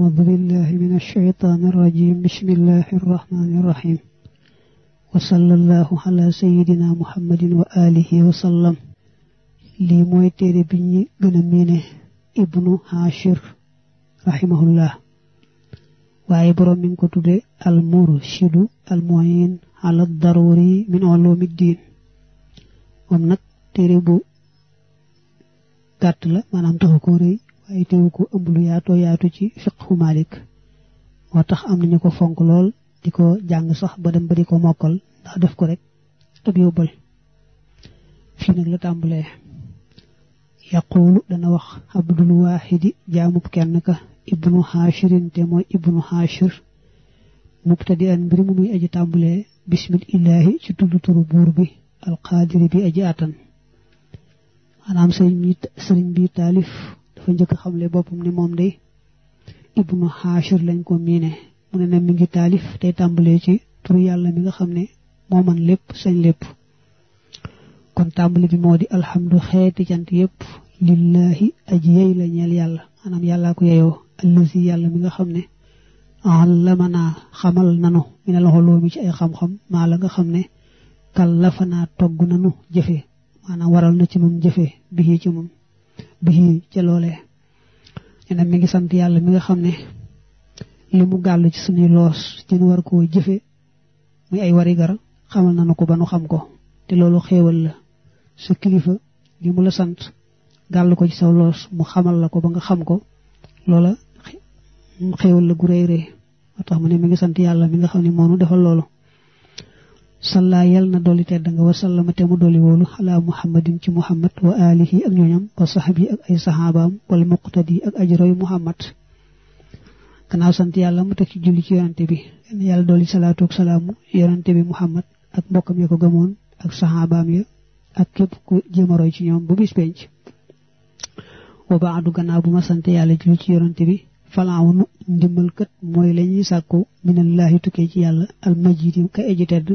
أعوذ بالله من الشيطان الرجيم بسم الله الرحمن الرحيم وصلى الله على سيدنا محمد وآله وسلم lii mooy téere bi ñu gën a miine ibnu Hachir rahimahullah waaye borom mi ngi ko tudde al murshidu al muin ala daruri min ulumi diin moom nag téere bu gàtt la maanaam taxu ko rëy ay teew yaatu ci fiqhu tax am nañu ko fonk lool di ko jàng sax ba ko mokkal def ko rek ab la tàmbalee yaquulu dana wax abdul waahidi jaamub kenn ka ibnu haashirin te mooy ibnu haashir mubtadian mbir mu muy aji tàmbalee bismillaahi ci tudd buur bi alqaadiri bi aji atan maanaam sëriñ bi taalif dafa njëkk xamle boppam ni moom de ibnu xaachir lañ ko miine mu ne ne mi ngi taalif tey tàmbalee ci turu yàlla mi nga xam ne moo man lépp sañ lépp kon tàmbali bi moo di alhamdu xeeti cant yépp lillahi aji yey la ñeel yàlla maanaam yàllaa yàlla mi nga xam ne allamanaa xamal nanu mi ne loxo loomi ci ay xam-xam maa la nga xam ne kal kallafanaa togg nanu jëfe maanaam waral na ci moom jëfe bi ci moom bi ca loole ñu mi ngi sant yàlla mi nga xam ne li mu gàll ci suñuy loos ci war koo jëfe muy ay wari gar xamal na nu ko ba nu xam ko te loolu xéewal la sa kilifa li mu la sant gàll ko ci saw loos mu xamal la ko ba nga xam ko loola xéewal la gu rëy rëy moo tax mu ne mu ngi sant yàlla mi nga xam ne moonu defal loolu salla yal na dolli tedd nga wa sallama te mu dolli woolu ala muhammadin ci muhammad wa alihi ak ñooñam wa sahbi ak ay saxaabaam wal muqtadi ak ajroy muhammad gannaaw sant yàlla mu teg ci julli ci yonante bi ak bi muhammad mbokkam ya ko gëmoon ak saxaabaam ya ak képp ku jéem a roy ci ñoom bu bis penc wa baadu gannaaw bu ma sant yàlla julli ci yonante bi falaawunu ndimbalkat mooy la sàkku minallahi tukkee ci yàlla almajidi ka eji tedd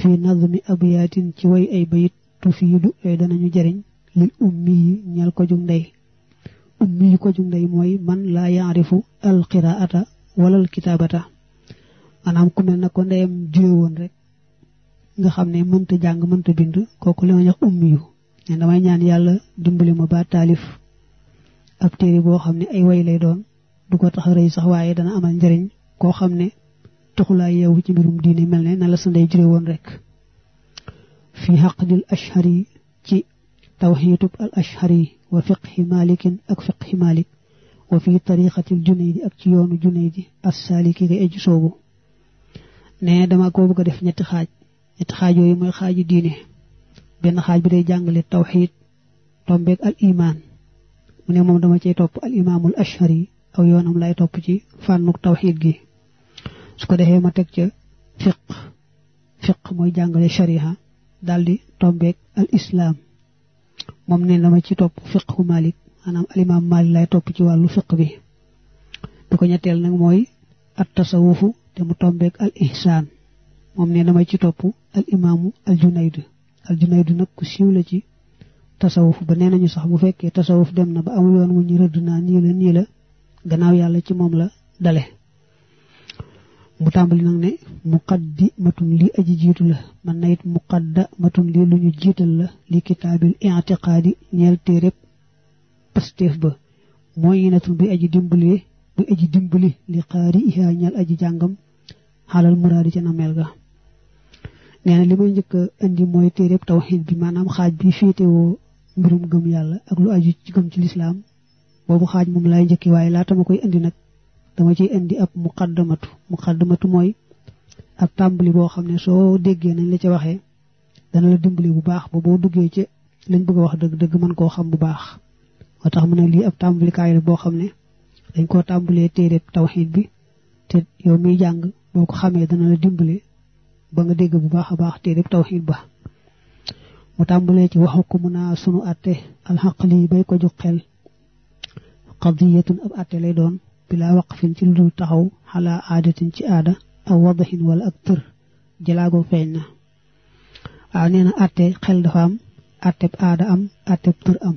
fii nazmi abiyaatin ci way ay bayit tufiidu yooyu e danañu jariñ lil ummi yi ñal ko jug ndey ummi yi ko jug ndey mooy man laa fu alxiraata wala alkitaabata maanaam ku mel na ko ndeyam jure woon rek nga xam ne mënta jàng mënta bind kooku li ma ñax ummi yu ne damay ñaan yàlla dimbali ma ba taalif ab téere boo xam ne ay way lay doon du ko tax a rëy sax waaye dana amal njariñ koo xam ne taxulaa yeewu ci mbirum diine mel ne na la sa ndey jure woon rek fi xaqdil ashari ci tawxiitub al ashari wa fiqhi malikin ak fiqhi malik wa fi tariqatil junaydi ak ci yoonu junaydi as saaliki ga aju soobu ne dama ko bëgg a def ñetti xaaj ñetti xaaj yooyu mooy xaaji diine benn xaaj bi day jàngale tawxiid tombeeg al imaan mu ne moom dama cay topp al imaamul ashari aw yoonam lay topp ci fànnuk tawxiid gi su ko defee ma teg ca fiq fiq mooy jàngale shariha daldi di tombeeg al islam moom ne dama ci topp fiqu malik maanaam alimaam malik lay topp ci wàllu fiq bi bu ko ñetteel nag mooy at tasawufu te mu tombeeg al ihsaan moom ne dama ci topp al imaamu al junayd al junayd nag ku siiw la ci tasawuf ba nee nañu sax bu fekkee tasawuf dem na ba amul wu mu ñu rëdd naa nii la nii gannaaw yàlla ci moom la dale mu tàmbali nag ne muqaddimatun li aji jiitu la mën na it muqaddamatun li lu ñu jiital la li kitaabil i'tiqaadi ñeel téereb pasteef ba mooy natun bi aji dimbalee bi aji dimbali li xaari ihaa ñeel aji jàngam xaalal muraadi ca nameel ga nee na li may njëkk a indi mooy téereb tawxiid bi maanaam xaaj bi féetewoo mbirum gëm yàlla ak lu aju ci gëm ci lislaam boobu xaaj moom laay njëkki waaye laata ma koy indi nag dama ciy indi ab muqaddamatu muqaddamatu mooy ab tàmbali boo xam ne soo déggee nañ la ca waxee dana la dimbali bu baax ba boo duggee ci lañ bëgg a wax dëgg-dëgg mën koo xam bu baax moo tax mu ne lii ab tàmbalikaay la boo xam ne dañ koo tàmbalee téere tawxiid bi te yow miy jàng boo ko xamee dana la dimbali ba nga dégg bu baax a baax téere tawxiid ba mu tàmbalee ci waxu ko mun a sunu atte alxaq lii bay ko jox xel qadiyatun ab atte lay doon laa waqfin ci lu dul taxaw xalaa aadatin ci aada aw wadaxin wala ak tër jëlaagoo feeñ na waaw nee na atte xel dafa am atteb aada am atteb tër am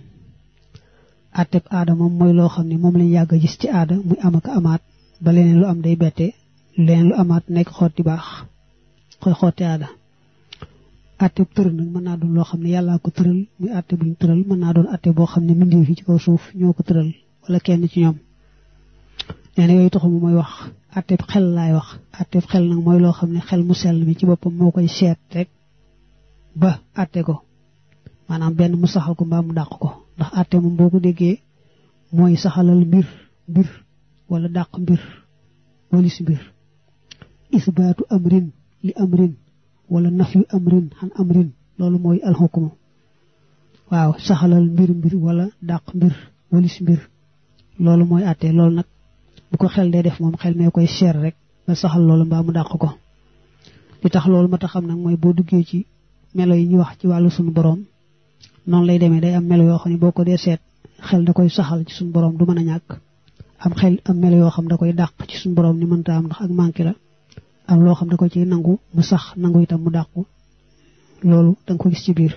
atteb aada moom mooy loo xam ne moom lañ yàgg a gis ci aada muy am ak amaat ba leneen lu am day bette leneen lu amaat nekk xotti baax koy xotti aada atte bu tëral nag mën naa doon loo xam ne yàllaa ko tëral muy atte buñ tëral mën naa doon atte boo xam ne mbindeef yi ci kaw suuf ñoo ko tëral wala kenn ci nee na yooyu taxu mooy wax atteb xel laay wax atteb xel nag mooy loo xam ne xel mu sell mi ci boppam moo koy seet rek ba atte ko maanaam benn mu saxal ko mbaam mu dàq ko ndax atte moom boo ko déggee mooy saxalal mbir mbir wala dàq mbir walis mbir isbaatu amrin li wala nafyu amrin xan loolu mooy alxukuma waaw saxalal mbir wala dàq mbir walis mbir loolu mooy atte loolu nag bu ko xel dee def moom xel mee koy cher rek nga saxal loolu mbaa mu dàq ko li tax loolu ma tax xam nag mooy boo duggee ci melo yi ñu wax ci wàllu suñu borom noonu lay demee day am melo yoo xam ne boo ko dee seet xel da koy saxal ci suñu borom du mën a ñàkk am xel am melo yoo xam da koy dàq ci suñu borom ni mënta am ndax ak manqué la am loo xam da ko ciy nangu mu sax nangu itam mu dàq loolu danga ko gis ci biir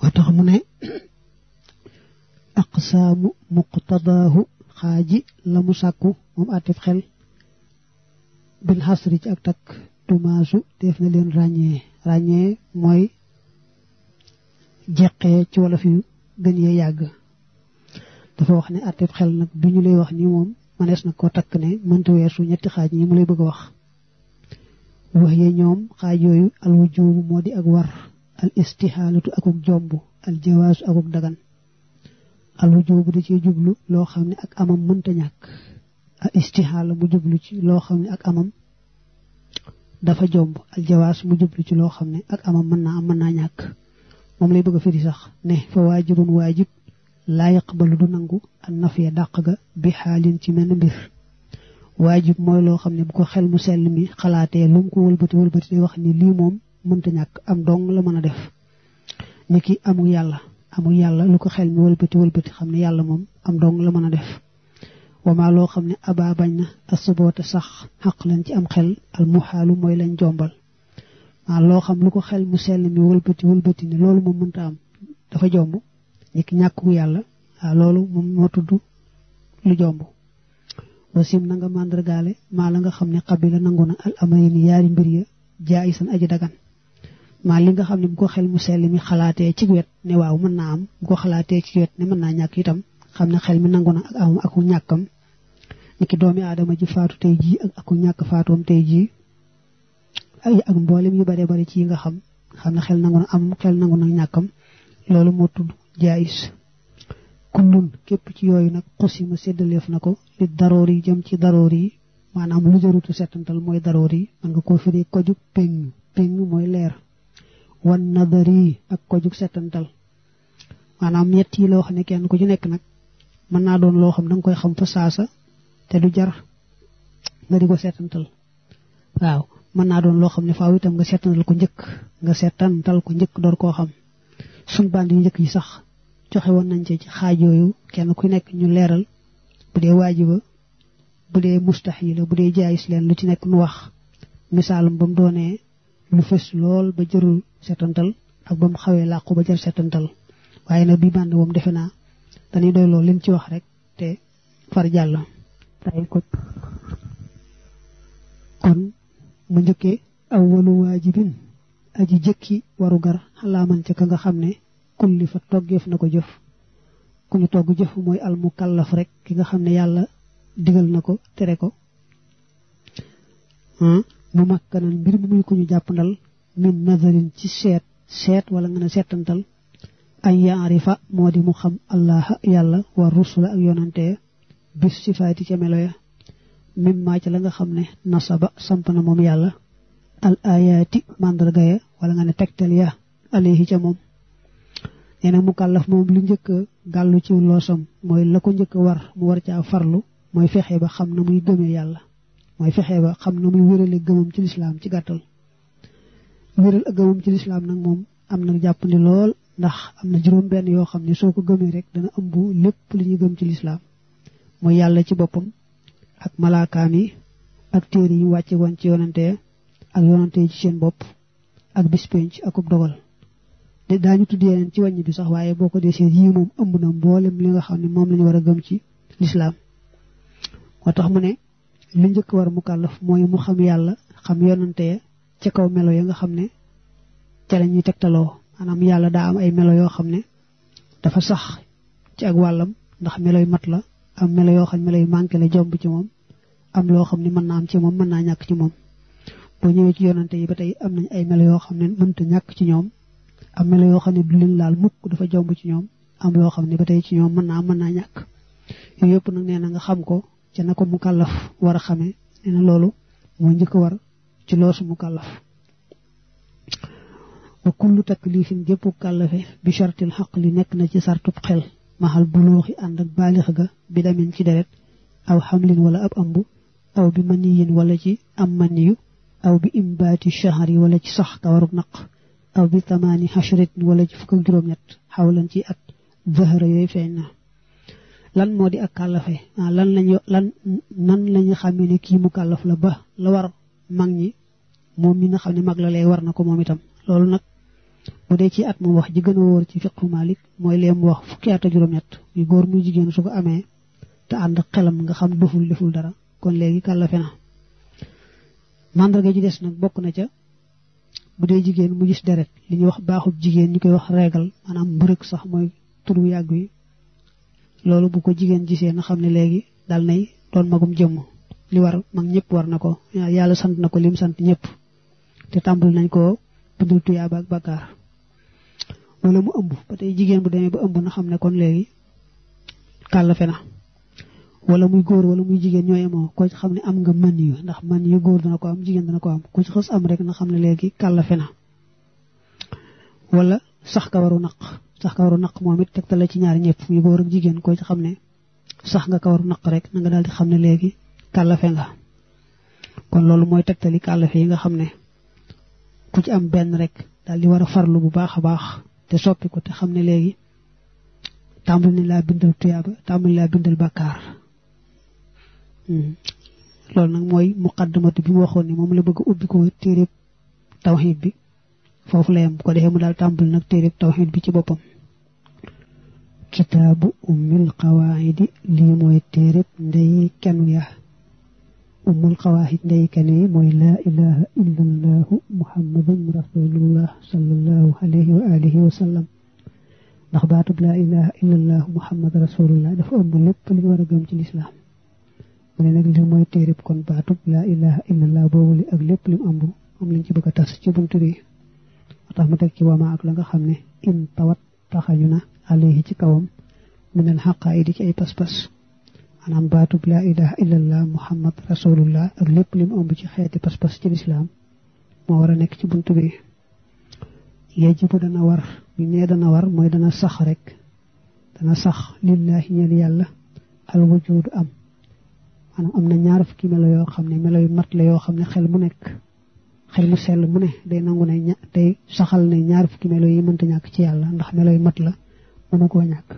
moo tax mu ne aqsaamu muqtadaahu xaaji la mu sàkku moom xel bil ci ak takk tumaasu def na leen ràññee ràññee mooy jeqee ci wolof yu gën yàgg dafa wax ne àttib xel nag bi ñu lay wax ni na ko takk ne weesu ñetti xaaj yi mu lay wax wax ñoom xaaj yooyu al wujubu moo di ak war al istihaalatu akuk jomb al jawaasu akuk dagan alwujubu da ciy jublu loo xam ne ak amam mënta ñàkk al istihaala mu jublu ci loo xam ne ak amam dafa jomb aljawaas mu jublu ci loo xam ne ak amam mën naa am mën naa ñàkk moom lay bëgg a firi sax ne fa waajibun waajib laa yaqbalu du nangu ak nafiya dàq ga bi xaalin ci menn mbir waajib mooy loo xam ne bu ko xel mu sell mi xalaatee lu mu ko wëlbati wëlbati day wax ni lii moom mënta ñàkk am dong la mën a def ni ki amu yàlla amul yàlla lu ko xel mi wëlbati wëlbati xam ne yàlla moom am dong la mën a def wama loo xam ne abaa bañ na asuboote sax xaq lañ ci am xel al muxaalu mooy lañ jombal maa loo xam lu ko xel mu sell mi wëlbati wëlbati ne loolu moom mënta am dafa jomb nit ñàkku yàlla waaw loolu moom moo tudd lu jomb wasim na nga màndargaale maa la nga xam ne xabila nangu na al amari ni yaari mbir ya jaayisan aji dagan maa li nga xam ne bu ko xel mu sell mi xalaatee ci wet ne waaw mën naa am bu ko xalaatee ci wet ne mën naa ñàkk itam xam ne xel mi nangu na ak amam aku ñàkkam niki doomi aadama ji faatu tey jii ak aku ñàkk faatoom tey jii ak mboolem yu bare bari ci nga xam xam ne xel nangu na am xel nangu na ñàkkam loolu moo tudd jaayis kullun képp ci yooyu nag xusi ma séddaleef na ko li daroor yi jëm ci daroor yi maanaam lu jarutu settantal mooy daroor yi mën nga koo firee ko jug peñu peñu mooy leer wan nadari ak ko jug setantal maanaam ñett loo xam ne kenn ku ci nekk nag mën naa doon loo xam da nga koy xam fa saasa te du jar nga di ko setantal waaw mën naa doon loo xam ne faaw itam nga setantal ko njëkk nga setantal ko njëkk door koo xam suñ band yu njëkk yi sax joxe woon nañ ci ci xaaj yooyu kenn ku nekk ñu leeral bu dee waajiba bu dee mustaxila bu dee jaayis leen lu ci nekk nu wax misaalum ba mu doonee lu fës lool ba jërul setantal ak ba mu xawee làqu ba jar setantal waaye nag bi bànd moom defe naa dañuy doy loolu lim ci wax rek te far jàll tay ko kon mu njëkkee aw walu waajibin aji jëkki waru gar ka nga xam ne kulli fa toggeef na ko jëf ku ñu togg jëf mooy al mukallaf rek ki nga xam ne yàlla digal na ko tere ko ah, mu makkanan mbir mu muy ku ñu jàppandal min nazarin ci seet seet wala nga ne seetantal ay yaarifa moo di mu xam allah yàlla wa la ak yonante bis sifaati ca melo ya mim maa ci la nga xam ne nasaba samp na moom yàlla al ayaati màndarga ya wala nga ne tegtal ya alayhi ca moom nee na mu kàllaf moom lu njëkk a gàllu ci loosam mooy la ko njëkk war mu war caa farlu mooy fexe ba xam na muy gëmee yàlla mooy fexe ba xam na muy wérale gëmam ci lislaam ci gàttal wéral ëggamam ci lislaam nag moom am na jàppandi lool ndax am na juróom benn yoo xam ne soo ko gëmee rek dana ëmb lépp li ñu gëm ci lislaam mooy yàlla ci boppam ak malaakaam yi ak téere yi wàcce woon ci yonante ak yonante yi ci seen bopp ak bispenc ak ub dogal de daañu tudd yeneen ci wàññi bi sax waaye boo ko dee seet yii moom ëmb na mboolem li nga xam ne moom la ñu war a gëm ci lislaam moo tax mu ne lu njëkk war mu kàllaf mooy mu xam yàlla xam yonante ci kaw melo ya nga xam ne ca la ñuy tegtaloo maanaam yàlla daa am ay melo yoo xam ne dafa sax ci ak wàllam ndax melo yu mat la am melo yoo xam ne melo yu manqué la jomb ci moom am loo xam ne mën naa am ci moom mën naa ñàkk ci moom boo ñëwee ci yonante yi ba tey am nañ ay melo yoo xam ne mënta ñàkk ci ñoom am melo yoo xam ne du leen laal mukk dafa jomb ci ñoom am loo xam ne ba tey ci ñoom mën naa mën naa ñàkk yooyu yëpp nag nee na nga xam ko ca na ko mu kàllaf war a xamee loolu moo njëkk war ci loosu mu kàllaf wa kullu taklifin gépp kàllafe bi chartil xaq li nekk na ci sartub xel maxal bulooxi ànd ak baalix ga bi damin ci deret aw xamlin wala ab ambu aw bi maniyin wala ci am maniyu aw bi imbaati shahar yi wala ci sax kawarug naq aw bi tamaani wala ci fukk ak juróom-ñett ci at zahra yooyu feeñ na lan moo di ak kàllafe ah, lan lañu lan nan lañu xamee ne kii mu la ba la war mag ñi moom mi na xam ne mag la lay war na ko moom itam loolu nag bu dee ci at mu wax ji gën wóor ci fiqhu Malik mooy lee wax fukki at ak juróom-ñett yu góor muy jigéen su ko amee te ànd xelam nga xam doful deful dara kon léegi kàllafe na mandarga ji des nag bokk na ca bu dee jigéen mu gis deret li ñuy wax baaxub jigéen ñu koy wax régal maanaam mbërëg sax mooy tur bu yàgg wi loolu bu ko jigéen gisee na xam ne léegi dal nay doon magum jëmm li war mag ñëpp war na ko yàlla sant na ko lim sant ñépp te tàmbali nañ ko bindul tuyaaba ak bakkaar wala mu ëmb ba tey jigéen bu demee ba ëmb na xam ne kon léegi kàllafe na wala muy góor wala muy jigéen ñoo yemoo ko ci xam ne am nga mën yu ndax mën yu góor dana ko am jigéen dana ko am ku ci am rek na xam ne léegi kàllafe na wala sax kawaru naq sax kawaru naq moom it tegtal la ci ñaar ñëpp muy góor ak jigéen ko ci xam ne sax nga kawaru naq rek na nga daal di xam ne léegi kàllafe nga kon loolu mooy tegtali kàllafe yi nga xam ne ku ci am benn rek daal di war a farlu bu baax a baax te soppi ko te xam ne léegi tàmbali nañ laa bindal tuyaaba tàmbali laa bindal hmm. loolu nag mooy muqaddamatu bi mu waxoon ni moom la bëgg a ubbi ko téereb tawxiid bi foofu la yem bu ko defee mu daal tàmbali nag téereb tawxiid bi ci boppam kitaabu ummil qawaayidi lii mooy téereb ndey kenn ya umul xawaaxit ndey kane mooy laa ilaha illa allahu muhammadun rasulullah sallallahu alayhi wa alihi wa sallam ndax baatub laa ilaha illa allahu muhammad rasulullah dafa ëmb lépp li ñu war a ci lislaam mu ne nag li mooy téerib kon baatub laa ilaha illa allah boobule li lépp li mu ëmb am lañ ci bëgg a tas ci buntu bi tax mu teg ci wama ak la nga xam ne in tawat taxañu na ci alayhi ci kawam minal xaqaayidi ci ay pas-pas maanaam baatub laa ilaha illallah muhammad rasulullah ak lépp li mu ëmb ci xeeti pas-pas ci lislaam moo war a nekk ci bunt bi yajibu dana war bu nee dana war mooy dana sax rek dana sax lillahi ñeel yàlla al wujudu am maanaam am na ñaari fukki melo yoo xam ne melo yu mat la yoo xam ne xel mu nekk xel mu sell mu ne day nangu ne ña day saxal ne ñaar fukki melo yi mënta ñàkk ci yàlla ndax melo yu mat la mënu koo ñàkk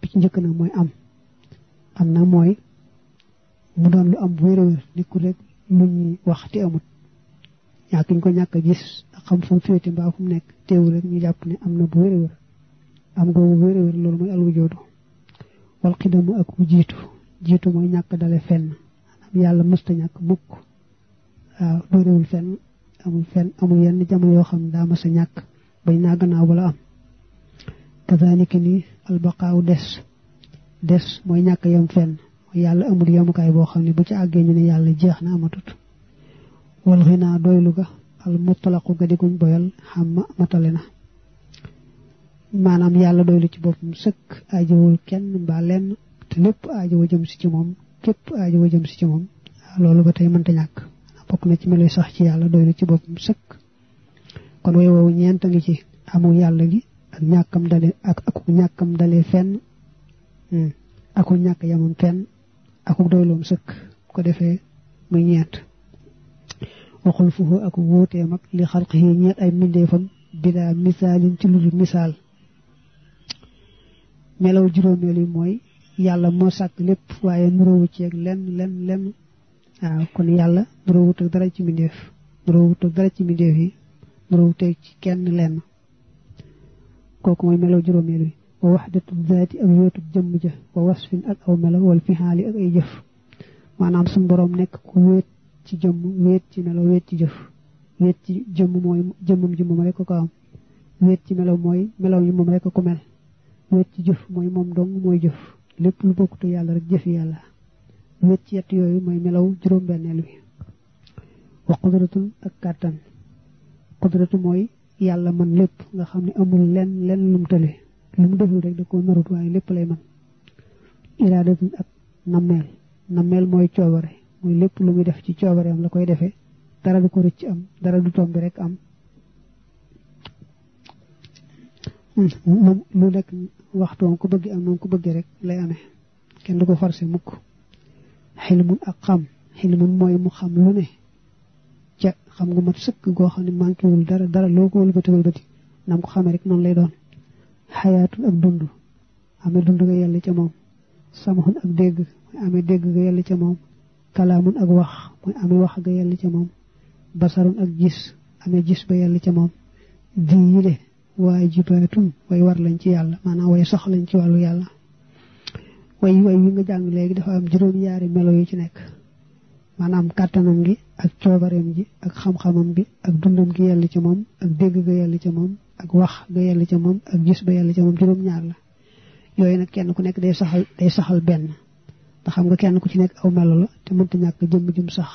bi ci njëkk nag mooy am am na mooy mu doon lu am wér wér nekkul rek luñ wax te amut ñàkk ñu ko ñàkk a gis xam fu mu féete mbaa fu nekk teewul rek ñu jàpp ne am na bu wér am googu wér wér loolu mooy alwujoodu wal xidamu ak bu jiitu jiitu mooy ñàkk dale fenn am yàlla mësta ñàkk mukk waaw doorewul fenn amul fenn amul yenn jamono yoo xam ne daa mës ñàkk bañ naa gannaaw bala am kazaalika ni albaqaaw des des mooy ñàkk yom fenn mooy yàlla amul yemukaay boo xam ni bu ci àggee ñu ne yàlla jeex na amatut wal xinaa doylu ga al mutlaqu ga di guñ boyal xam ma matale na maanaam yàlla doylu ci boppam sëkk aajowul kenn mbaa lenn te lépp aajowa jëm si ci moom képp aajowa jëm si ci moom loolu ba tey mënta ñàkk bokk na ci meloy sax ci yàlla doylu ci boppam sëkk kon way woowu ñeent a ngi ci amul yàlla gi ak ñàkkam dale ak fenn Hmm. aku ñàkk yamam fenn aku doyloom sëkk ko defee muy ñeent waxul fuhu ak wuuteem ak li xalq yi ñeent ay mbindeefam bila misaalin misaal yi mooy yàlla moo sàkk lépp waaye nuroowu ceeg lenn lenn lenn waaw kon yàlla nuroowut ak dara ci mbindeef nuroowut ak dara ci mbindeef yi nuroowut ak ci kenn lenn kooku mooy melaw juróomeel yi wa waxdatu zaati ak yootub jëmm ja wa wasfin ak aw melo wal fihaali ak ay jëf maanaam sum boroom nekk ku wéet ci jëmm wéet ci melo ci jëf ci jëmm mooy jëmmam ji moom rek ko am wéet ci melaw mooy melaw yi moom rek ko mel ci jëf mooy moom dong mooy jëf lépp lu bokkutu yàlla rek jëfi yàlla wéet ci yett yooyu mooy melaw juróom-benneel wi wa qudratul ak kàttan qudratu mooy yàlla man lépp nga xam ni amul lenn lenn lum tële lu mu deful rek da koo narut waaye lépp lay man iraadatun ak nammeel nammeel mooy coobare muy lépp lu muy def ci coobare am la koy defee dara du ko rëcc am dara du tombi rek am moom lu nekk waxtoom ku bëgg am moom ku bëgg rek lay amee kenn du ko forcé mukk xilmun ak xam xilmun mooy mu xam lu ne ca xam nga ma sëkk goo xam ne manqué wul dara dara loo ko wëlbati wëlbati nam ko xamee rek noonu lay doon xayaatun ak dund amee dund nga yàlla ca moom samaxun ak dégg mooy amee dégg nga yàlla ca moom kalaamun ak wax mooy amee wax nga yàlla ca moom basarun ak gis amee gis ba yàlla ca moom di yile waajibaatun way war lañ ci yàlla maanaam way sox ci wàllu yàlla way way wi nga jàng léegi dafa am juróom yaari melo yu ci nekk maanaam kàttanam gi ak coobareem ji ak xam-xamam bi ak dundam gi yàlla ca moom ak dégg nga yàlla ca moom ak wax ga yàlla ca moom ak gis ba yàlla ca moom juróom-ñaar la yooyu nag kenn ku nekk day saxal day saxal benn ndax xam nga kenn ku ci nekk aw melo la te mënta ñàkk jëmm jum sax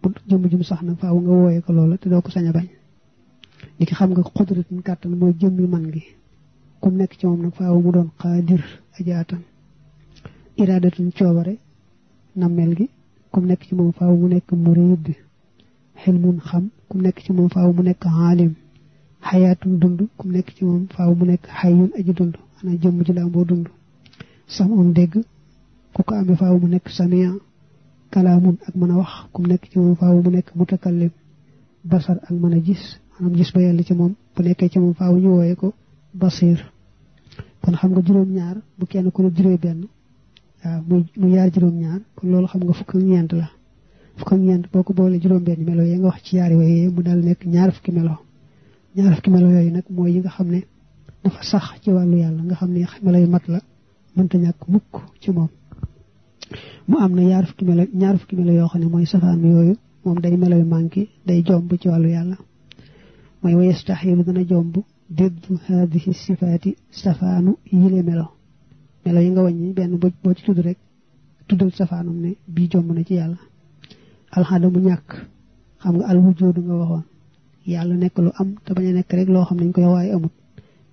bu jëmm jum sax nag faaw nga wooyee ko loola te doo ko sañ a bañ li ki xam nga xudratun kàttan mooy jëmmi man gi ku nekk ci moom nag faaw mu doon xaadir ajaatan iraadatun coobare nammeel gi ku nekk ci moom faaw mu nekk murid xilmun xam ku nekk ci moom faaw mu nekk xaalim xayaatum dund ku nekk ci moom faaw mu nekk xayyun aji dund xanaa jëmm ji boo dund samun dégg ku ko amee faaw mu nekk samiya kalaamun ak mën a wax ku nekk ci moom faaw mu nekk mutakallim basar ak mën a gis maanaam gis ba ci moom bu nekkee ci moom faaw ñu wooye ko basir kon xam nga juróom-ñaar bu kenn ku ne juree benn waaw muy mu yaar juróom-ñaar kon loolu xam nga fukk ak ñeent la fukk ak ñeent boo ko boolee juróom-benn melo yi nga wax ci yaari way mu dal nekk ñaar fukki melo ñaar fukki melo yooyu nag mooy yi nga xam ne dafa sax ci wàllu yàlla nga xam ne melo yu mat la mënta ñàkk mukk ci moom mu am na ñaar fukki melo yoo xam ne mooy safaan yooyu moom day melo yu manqué day jomb ci wàllu yàlla mooy wa yastaxilu dana jomb déddu haadihi sifaati safaanu yile melo melo yi nga wàññi benn boo ci tudd rek tuddal safaanum ne bii jomb na ci yàlla alxada bu ñàkk xam nga al wujudu nga waxoon yàlla nekk lu am te bañ a nekk rek loo xam ne ñu koy waaye amut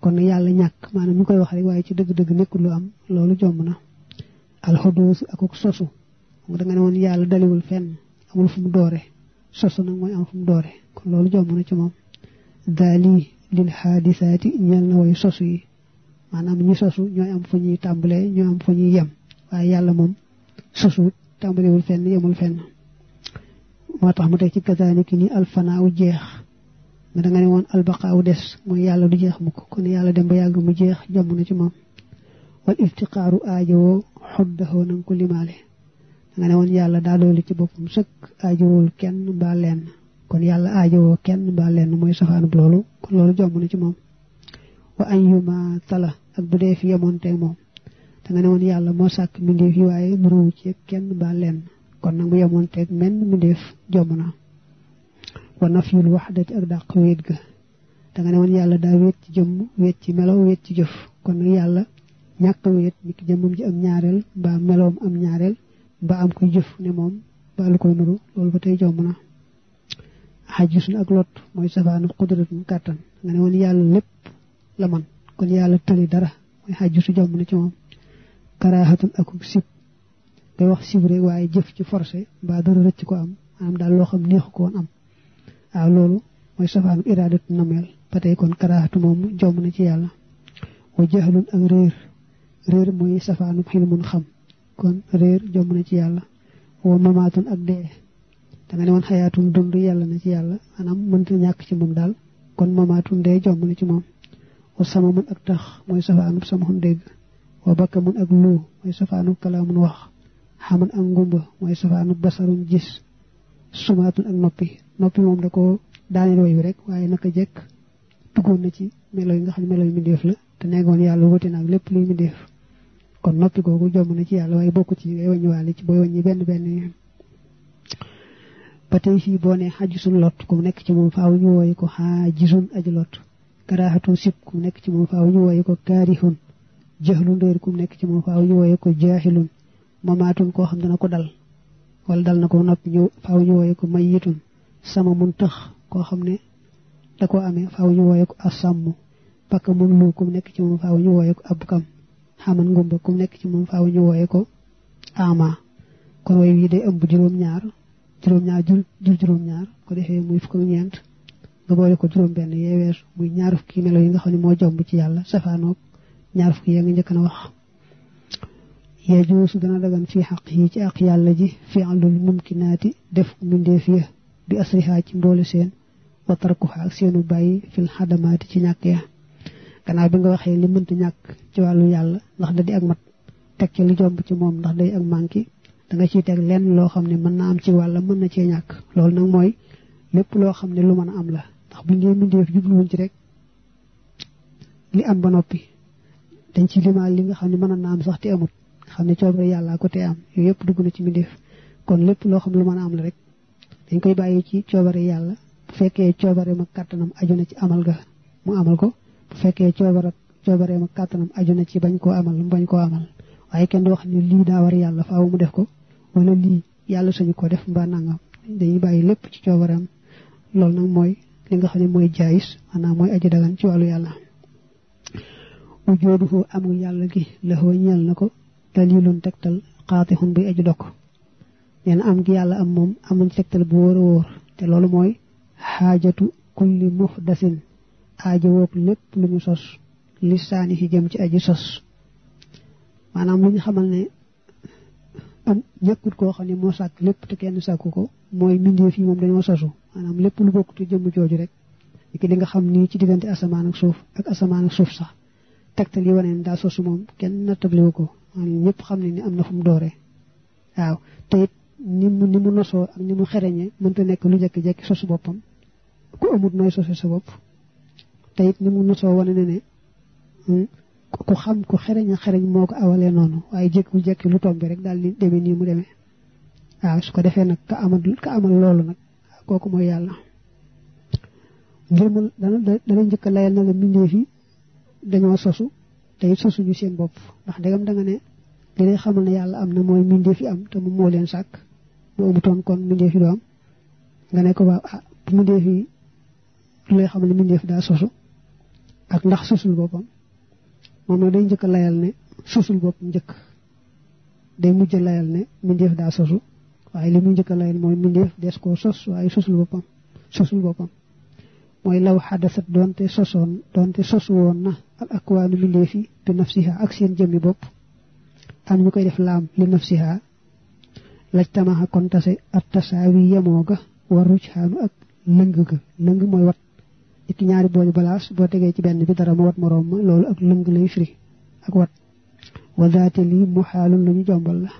kon nag yàlla ñàkk maanaam ñu koy wax rek waaye ci dëgg-dëgg nekkul lu am loolu jomb na alxodoosu ak sosu da nga ne woon yàlla daliwul fenn amul fu mu doore sosu nag mooy am fu mu doore kon loolu jomb na ci moom daali lil xaadisaati ñel na woy sosu yi maanaam ñi sosu ñooy am fu ñuy tàmbalee ñooy am fu ñuy yem waaye yàlla moom sosu tàmbalewul fenn yemul fenn moo tax mu teg ci kasaani ki ni alfanaaw jeex nga da nga ne woon albaqaaw des mooy yàlla du jeex mukk kon yàlla dem ba yàgg mu jeex jomm na ci moom wal iftiqaaru aajowoo xoddaxoo na nga ko limaale yàlla daa doolu ci boppam sëkk aajowul kenn mbaa lenn kon yàlla aajowoo kenn mbaa lenn mooy safaanub loolu kon loolu jomm na ci moom wa an yuma tala ak bu dee fi yemoon tey moom da ne woon yàlla moo sàkk mbindeef yi waaye nuruwu ci kenn mbaa lenn kon nag bu yemoon teeg menn mbindeef jomm na wa nafyul waxdati ak dàq wéet ga da nga ne woon yàlla daal wéet ci jëmm wéet ci melow wéet ci jëf kon yàlla ñàkk wéet ni ki jëmmam ji am ñaareel mbaa melowam am ñaareel mbaa am koy jëf ne moom mbaa lu koy nuru loolu ba tey jomb na xajisun ak lot mooy safaanu xudratun kàttan nga ne woon yàlla lépp la man kon yàlla tëli dara mooy xajisu jomb na ci moom karaaxatun ak sib ngay wax sib rek waaye jëf ci forcé mbaa dara rëcc ko am maanaam daal loo xam neexu aw loolu mooy safaanu iraadatu nameel ba tey kon karaahatu moom jomb na ci yàlla wa jaxlun ak réer réer mooy safaanu xilmun xam kon réer jomb na ci yàlla wa ak dee da nga ne yàlla na ci yàlla maanaam mënta ñàkk ci moom daal kon mamaatun dee jomb na ci moom wa samamun ak tax mooy safaanu samahun dégg wa bakkamun ak luu mooy safaanu kalaamun wax xaman ak ngumba mooy safaanu basarun gis sumaatun ak noppi noppi moom da ko daaneel wayu rek waaye naka jekk duggoon na ci melo yi nga xam ne melo yu mbindeef la te nekkoon yàlla wuute na lépp luy mbindeef kon noppi googu jomm na ci yàlla waaye bokku ci ngay wàññiwaale ci booy wàññi benn benn yi ba tey fii boo ne xajisun lot nekk ci faaw ñu wooyu ko xaajisun aji lot karaaxatun sib ku nekk ci moom faaw ñu wooyu ko kaarihun jaxlun réer ku nekk ci moom faaw ñu wooyu ko jaaxilun mamaatun koo xam dana ko dal wala dal na ko noppi ñu faaw ñu wooyu ko mayitun sama mun tax koo xam ne da koo amee faaw ñu wooye ko ab sàmm bakka moom lu kum nekk ci moom faaw ñu wooye ko ab kam xaman nekk ci moom faaw ñu wooye ko ama kon way wii day ëmb juróom-ñaar juróom-ñaar jur juróom-ñaar ko defee muy fukk ñeent nga boole ko juróom-benn yee weer muy ñaar fukki melo yi nga xam ne moo jomb ci yàlla safaanoog ñaar fukki yaa ngi njëkk na wax yee juusu dana dagan fii xaq yi ci àq yàlla ji fi àllul mumkinaati def mbindeef ya bi asriha ci mboolu seen wa tarkuha ak seenu bàyyi fil xadamaati ci ñàkk ya gannaaw bi nga waxee li mënta ñàkk ci wàllu yàlla ndax da di ak mat teg ci lu jomb ci moom ndax day ak manki da nga ciy teg lenn loo xam ne mën na am ci wàlla mën na cee ñàkk loolu nag mooy lépp loo xam ne lu mën a am la ndax buñ dee mbindeef jubluwuñ ci rek li am ba noppi dañ ci limaal li nga xam ne mën na am sax te amut xam ne coobare yàllaa ko te am yooyu yëpp dugg na ci mbindeef kon lépp loo xam lu mën a am rek dañ koy bàyyi ci coobare yàlla bu fekkee coobare ma kàttanam aju na ci amal ga mu amal ko bu fekkee coobare coobare ma kàttanam aju na ci bañ koo amal mu bañ koo amal waaye kenn du wax ne lii daa war yàlla faaw mu def ko wala lii yàlla suñu ko def mbaa nangam dañuy bàyyi lépp ci coobareem loolu nag mooy li nga xam ne mooy jaayis maanaam mooy aji dagan ci wàllu yàlla ujooduhu amul yàlla gi laxoo ñeel na ko dalilun tegtal xaatixun buy aju dokk nee na am gi yàlla am moom amuñ tegtal bu wóor a wóor te loolu mooy xaajatu kulli muxdasin aajowoog lépp lu ñu sos lisaani ci jëm ci aji sos maanaam lu ñu xamal ne am ñàkkut koo xam ne moo sàkk lépp te kenn sàkku ko mooy mbindeef yi moom dañoo sosu maanaam lépp lu bokk te jëmm jooju rek ki li nga xam nii ci diggante asamaan ak suuf ak asamaan ak suuf sax tegtal yi wane daa sosu moom kenn nattabliwu ko maanaam ñëpp xam ne ni am na fu mu dooree ni mu ni mu nosoo ak ni mu xereñe mënta nekk lu jekki-jekki sosu boppam ku amut nooy sose sa bopp te it ni mu nosoo wane ne ne hmm, ku xam ku xereñ xereñ moo ko awalee noonu waaye jékki-jékki lu tombe rek daal di demee nii mu demee waaw su ko defee nag ka amal loolu nag kooku mooy yàlla ngirmu dana dana njëkk layal na la mbindeef yi dañoo sosu te it sosuñu seen bopp ndax ndegam da nga ne li lay xamal ne yàlla am na mooy mbindeef yi am te mu moo leen sàkk boo amutoon kon mbindeef yi doom nga ne ko waaw ah mbindeef yi lay xam ne mbindeef daa sosu ak ndax susul boppam moom la day njëkk a layal ne susul boppam njëkk day mujj a layal ne mbindeef daa sosu waaye li mu njëkk a layal mooy mbindeef des koo sos waaye sosul boppam sosul boppam mooy law xadasat doonte sosoon doonte sosu woon na al akwaanu mbindeef yi bi nafsiha ak seen jëmmi bopp am ñu koy def laam li nafsiha la lajtamaha kon tase at tasaawi yemoo ga war rujxaanu ak lëng ga lëng mooy wat ci ñaari booli balaas boo tegee ci benn bi dara mu wat moroom ma loolu ak lëng lay firi ak wat wa daate lii mu xaalul lu ñu la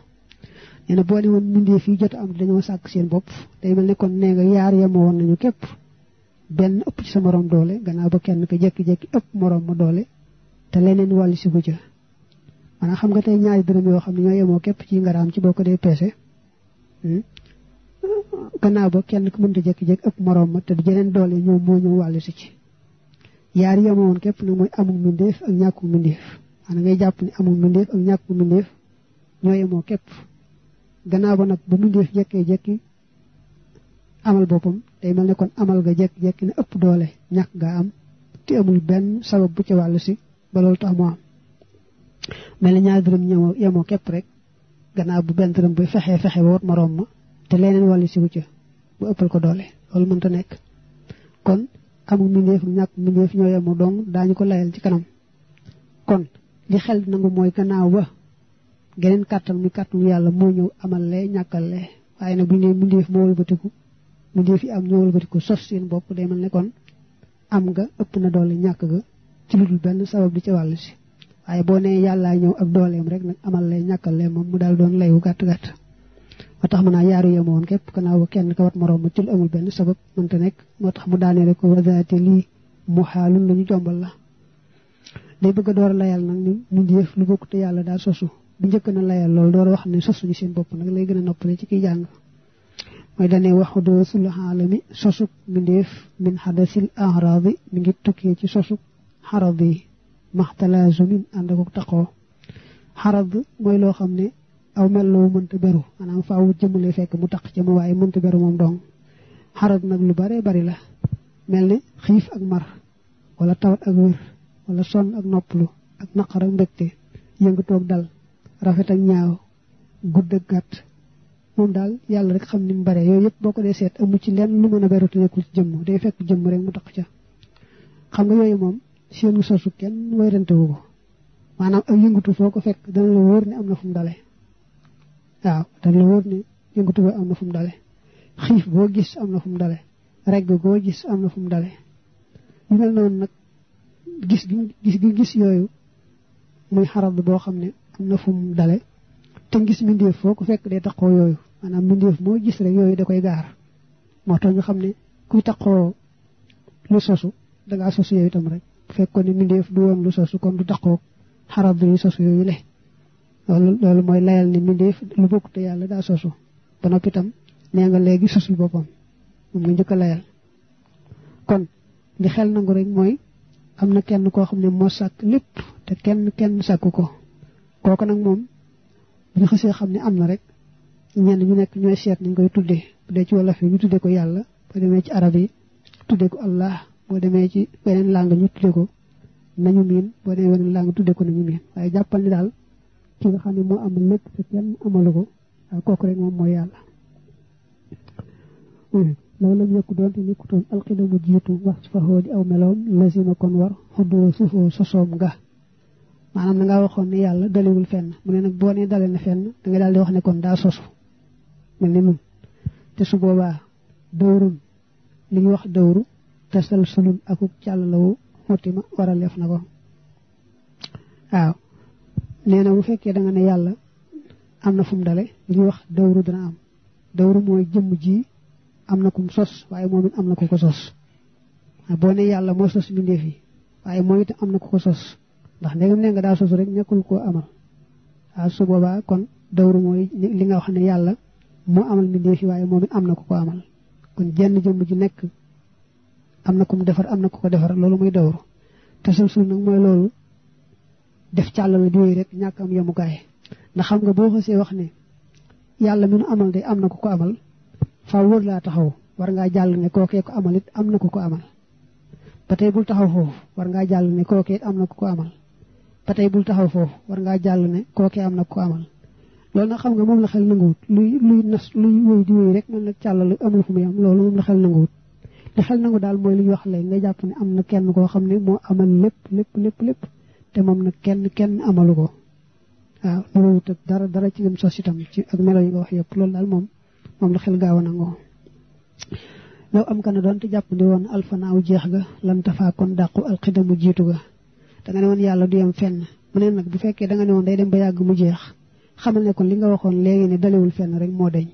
nee na boole woon mundee fii jot am dañoo sàkk seen bopp day mel ne kon nee nga yaar yemoo woon nañu képp benn ëpp ci sa moroom doole gannaaw ba kenn ko jekki-jekki ëpp moroom ma doole te leneen wàllu si ko ca maanaam xam nga tey ñaari dërëm yoo xam ne ñoo yemoo képp ci ngaraam ci boo ko dee Hmm? gannaaw ba kenn ku mënta jekki jékki ëpp moroom ma te du jeneen doole ñoom moo ñëw si ci yaar yi amoon képp nag mooy amul mbindeef ak ñàkku mbindeef maanaam ngay jàpp ni amul mbindeef ak ñàkk mbindeef ñoo yemoo képp gannaaw ba nag bu mbindeef jekkee jekki amal boppam day mel ne kon amal ga jekki-jekki ne ëpp doole ñàkk nga am te amul benn sabab bu ca wàll si ba loolu tax moo am mel ne ñaar dërëm ñoo yemoo képp rek gannaaw bu benn tëram buy fexee fexe ba wat moroom ma te leneen wàllu si wu ca bu ëppal ko doole loolu mënta nekk kon amul mbindeef ñàkk mbindeef ñoo yemu dong daañu ko layal ci kanam kon li xel nangu mooy gannaaw ba geneen kàttan muy kàttanu yàlla moo ñëw amal lee ñàkkal waaye nag bu ñu nee moo wëlbatiku mbindeef yi am ñoo wëlbatiku sos seen bopp day mel ne am nga ëpp na doole ñàkk ga ci lu dul benn sabab di ca wàll si waaye boo nee yàllaa ñëw ak dooleem rek nag amal lay ñàkkal lay moom mu daal doon layu gàtt gàtt moo tax mën naa yaaru yem woon képp gannaaw ba kenn ka wat moroom ma ci lu amul benn sabab mënta nekk moo tax mu daanee ko wazaate lii mu xaalun lu ñu jombal la day bëgg a door layal nag ni ñu lu bokk yàlla daal sosu bu njëkk na layal lool door wax ne sosuñu seen bopp nag lay gën a noppale ci kiy jàng mooy danee waxu doo sulu xaalami sosuk mbindeef min xadasil ahradi mi ngi tukkee ci sosuk xarad yi maxtalaazumin ànd ak taqoo xarad mooy loo xam ne aw mel loo mënta beru maanaam faaw lay fekk mu taq ca mu waaye mënta beru moom dong xarad nag lu bare bari la mel ni xiif ak mar wala tawat ak wér wala sonn ak noppalu ak naqar ak mbégte yëngu toog dal rafet ak ñaaw gudd ak gàtt moom daal yàlla rek xam ni mu bare yooyu yëpp boo ko dee seet amu ci lenn lu mën a beru te nekkul ci jëmm day fekk jëmm rek mu taq ca xam nga yooyu moom seenu sosu kenn wérante wu ko maanaam am yëngatu foo ko fekk dana la wóor ne am na fu dale waaw dana la wóor ne am na fu mu dale xiif boo gis am na fu mu dale rek boo gis am na fu mu dale yu mel noonu nag gis gis gi gis yooyu muy xarab boo xam ne am na fu mu dale te gis mbindeef foo ko fekk day taxoo yooyu maanaam mbindeef moo gis rek yooyu da koy gaar moo tax ñu xam ne kuy taxoo lu sosu dangaa sosu yow tam rek fekkoon ne mbindeef du woon lu sosu kon du taxoo xarab yi sosu yooyu le loolu mooy layal ne mbindeef lu bokk te yàlla daa sosu ba noppi itam nee nga léegi sosul boppam moom nga njëkk a layal kon li xel nangu rek mooy am na kenn koo xam ne moo sàkk lépp te kenn kenn sàkku ko kooku nag moom bu ñu xasee xam ne am na rek ñenn ñu nekk ñooy seet nañ koy tuddee bu dee ci wolof yi ñu tuddee ko yàlla ba demee ci arab yi tuddee ko allah boo demee ci beneen langue ñu tuddee ko nañu miin boo demee beneen langue tuddee ko nañu miin waaye jàppal ni daal ki nga xam ne moo am lépp te kenn amalu ko waaye kooku rek moom moo yàlla hmm. loolu la yokk doonte nekkutoon alxidamu jiitu di aw meloom kon war xuddoo sufoo sosoom nga maanaam na ngaa waxoon ni yàlla dalewul fenn mu ne nag boo ne dale na fenn da nga daal di wax ne kon daa sosu mel ni mun te su boobaa dawrun li wax dawru tasal sunun akuk càllalawu xotima war a leef na ko waaw nee na bu fekkee danga ne yàlla am na fu mu dale li ñuy wax dawru dana am dawru mooy jëmm ji am na kum sos waaye moom it am na ku ko sos boo ne yàlla moo sos mbindeef yi waaye moom am na ku ko sos ndax ndegam nga daal sos rek ñàkkul koo amal waaw su boobaa kon dawru mooy li nga wax ne yàlla moo amal mbindeef yi waaye moom it am na ku ko amal kon jenn jëmm ji nekk am na kum defar am na ku ko defar loolu muy dawru te sul-sul nag mooy loolu def càllal jooyu rek ñàkk am yemukaay ndax xam nga boo xasee wax ne yàlla mënu amal de am na ku ko amal fa wër laa taxaw war ngaa jàll ne kookee ko amal am na ku ko amal ba tey bul taxaw foofu war ngaa jàll ne kookee am na ku ko amal ba tey bul taxaw foofu war ngaa jàll ne kookee am na ku ko amal loolu nag xam nga moom la xel nanguwut luy luy nas luy wéy di rek noonu na càllal am lu fu mu yam loolu moom la xel nanguwut li xel nangu daal mooy li ñuy wax lay nga jàpp ne am na kenn koo xam ne moo amal lépp lépp lépp lépp te moom nag kenn kenn amalu ko waaw loolu wut dara dara ci lim ci ak melo yi wax yëpp loolu daal moom moom la xel gaaw a nangoo law am kana doon te jàpp ndi woon alfanaaw jeex ga lan tafaa kon dàqu alxidamu jiitu ga da nga ne woon yàlla du yem fenn mu ne nag bu fekkee da nga ne woon day dem ba yàgg mu jeex xamal ne kon li nga waxoon léegi ne dalewul fenn rek moo deñ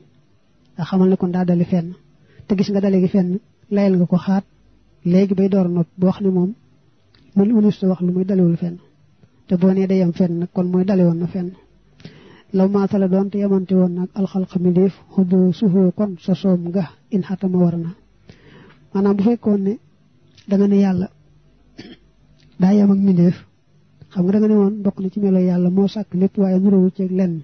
ndax xamal ne kon daa dale fenn te gis nga dale gi fenn layal nga ko xaat léegi bay door noppi boo xam ne moom mën unis ta wax lu muy dalewul fenn te boo nee day yem fenn nag kon mooy dalewoon na fenn law maasala doon te yemante woon nag alxalqa mi def xubu suufoo kon sa soom nga in xatama war na maanaam bu fekkoon ne da ne yàlla daa yem ak mbindeef xam nga da nga ne woon bokk na ci melo yàlla moo sàkk lépp waaye nuróowu ceeg lenn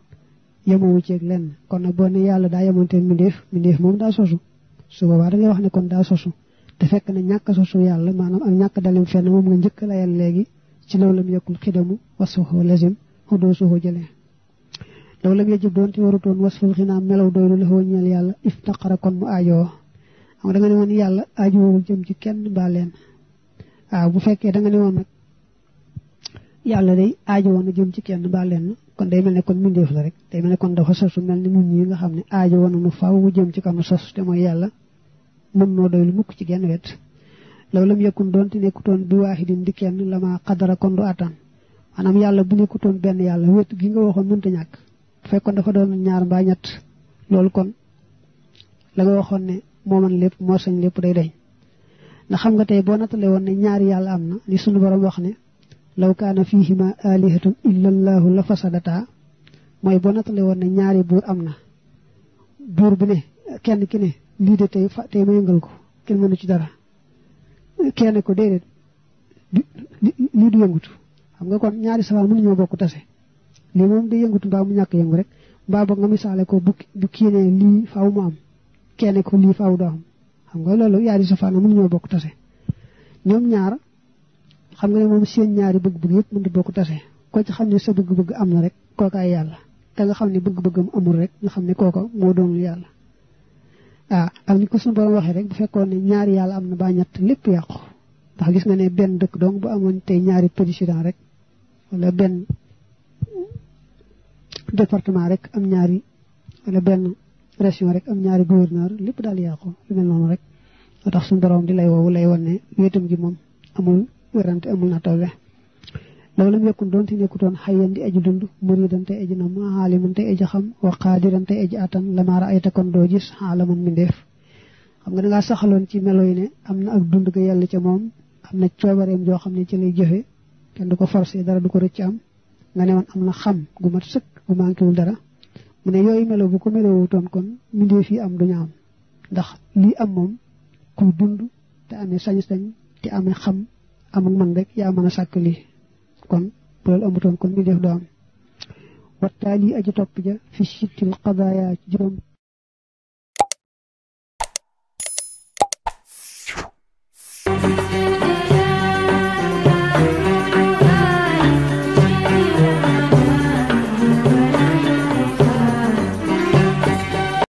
yemowu ceeg lenn kon nag boo ne yàlla daa yemante mbindeef mbindeef moom daa sosu su boobaa dangay wax ne kon daa sosu te fekk na ñàkk sosu yàlla maanaam ak ñàkk dalem fenn moom nga njëkk layal léegi ci law lam yekkul xidamu wasfuhu lazim xudoo suhu jëlee law lam yajib doon te warutoon wasful xinaam melaw doylu yàlla iftaqara kon mu aajoo xam nga da nga ne woon yàlla aajowul jëm ci kenn mbaa leen bu fekkee da nga ne woon nag yàlla day aajo woon na jëm ci kenn mbaa leen kon day mel ne kon mbindeef la rek day mel ne kon dafa sosu mel ni ñun ñi nga xam ne aajo woon na nu faaw jëm ci kanu sos te mooy yàlla mën noo doylu mukk ci genn wet loolu lam yëkkun doon te nekkutoon bi waaxidin di kenn la ma xadara kon du attan maanaam yàlla bu nekkutoon benn yàlla wet gi nga waxoon mënta ñàkk bu fekkoon dafa doon ñaar mbaa ñett loolu kon la waxoon ne moo man lépp moo sañ lépp day dañ ndax xam nga tey boo nattale woon ne ñaari yàlla am na li suñu borom wax ne law kaana fiihima alihatun illallahu la fasadata mooy boo nattale woon ne ñaari buur am na buur bu ne kenn ki ne lii de tey fa tey ma yëngal ko kenn mënu ci dara kenn ko déedéet lii du yëngutu xam nga kon ñaari sawaan mënuñoo bokk tase lii moom day yëngutu mbaa mu ñàkk yëngu rek mbaa boog nga misaale ko bu bu kii nee lii faaw mu am kenn ko lii faaw doo xam nga loolu ñaari safaan mënuñoo bokk tase ñoom ñaar xam nga ne moom seen ñaari bëgg-bëgg yëpp di bokk tase ko ci xam ne sa bëgg-bëgg am na rek kookaay yàlla te nga xam ne bëgg-bëggam amul rek nga xam ne kooka moo yàlla ah ak ni ko suñ borom waxee rek bu fekkoon ne ñaari yàlla am na ba ñett lépp yàqu ndax gis nga ne benn dëkk donc bu amoon tey ñaari président rek wala benn département rek am ñaari wala benn région rek am ñaari gouverneur lépp daal yàqu lu mel noonu rek moo tax suñu borom di lay woowu lay wan ne wéetam gi moom amul werante amul na tawle law lam yakun doonte nekkutoon xayyan di aji dund muridan tey aji nam aaliman tey aji xam wa qaadiran tey aji attan lamaara ay kon doo gis aalaman mindeef xam nga da saxaloon ci melo yi ne am na ak dund ga yàlla ca moom am na coobareem joo xam ne ci lay jëfe kenn du ko forcé dara du ko rëcc am nga ne woon am na xam gu mat sëkk gu manquéwul dara mu ne yooyu melo bu ko melowutoon kon mindeef yi am duñu am ndax lii am moom ku dund te amee sañ-sañ te amee xam amul man rek yaa mën a sàkk lii kon bu loolu amutoon kon bi def du am wattaali aji topp ja fi sittil qadaaya ci juróom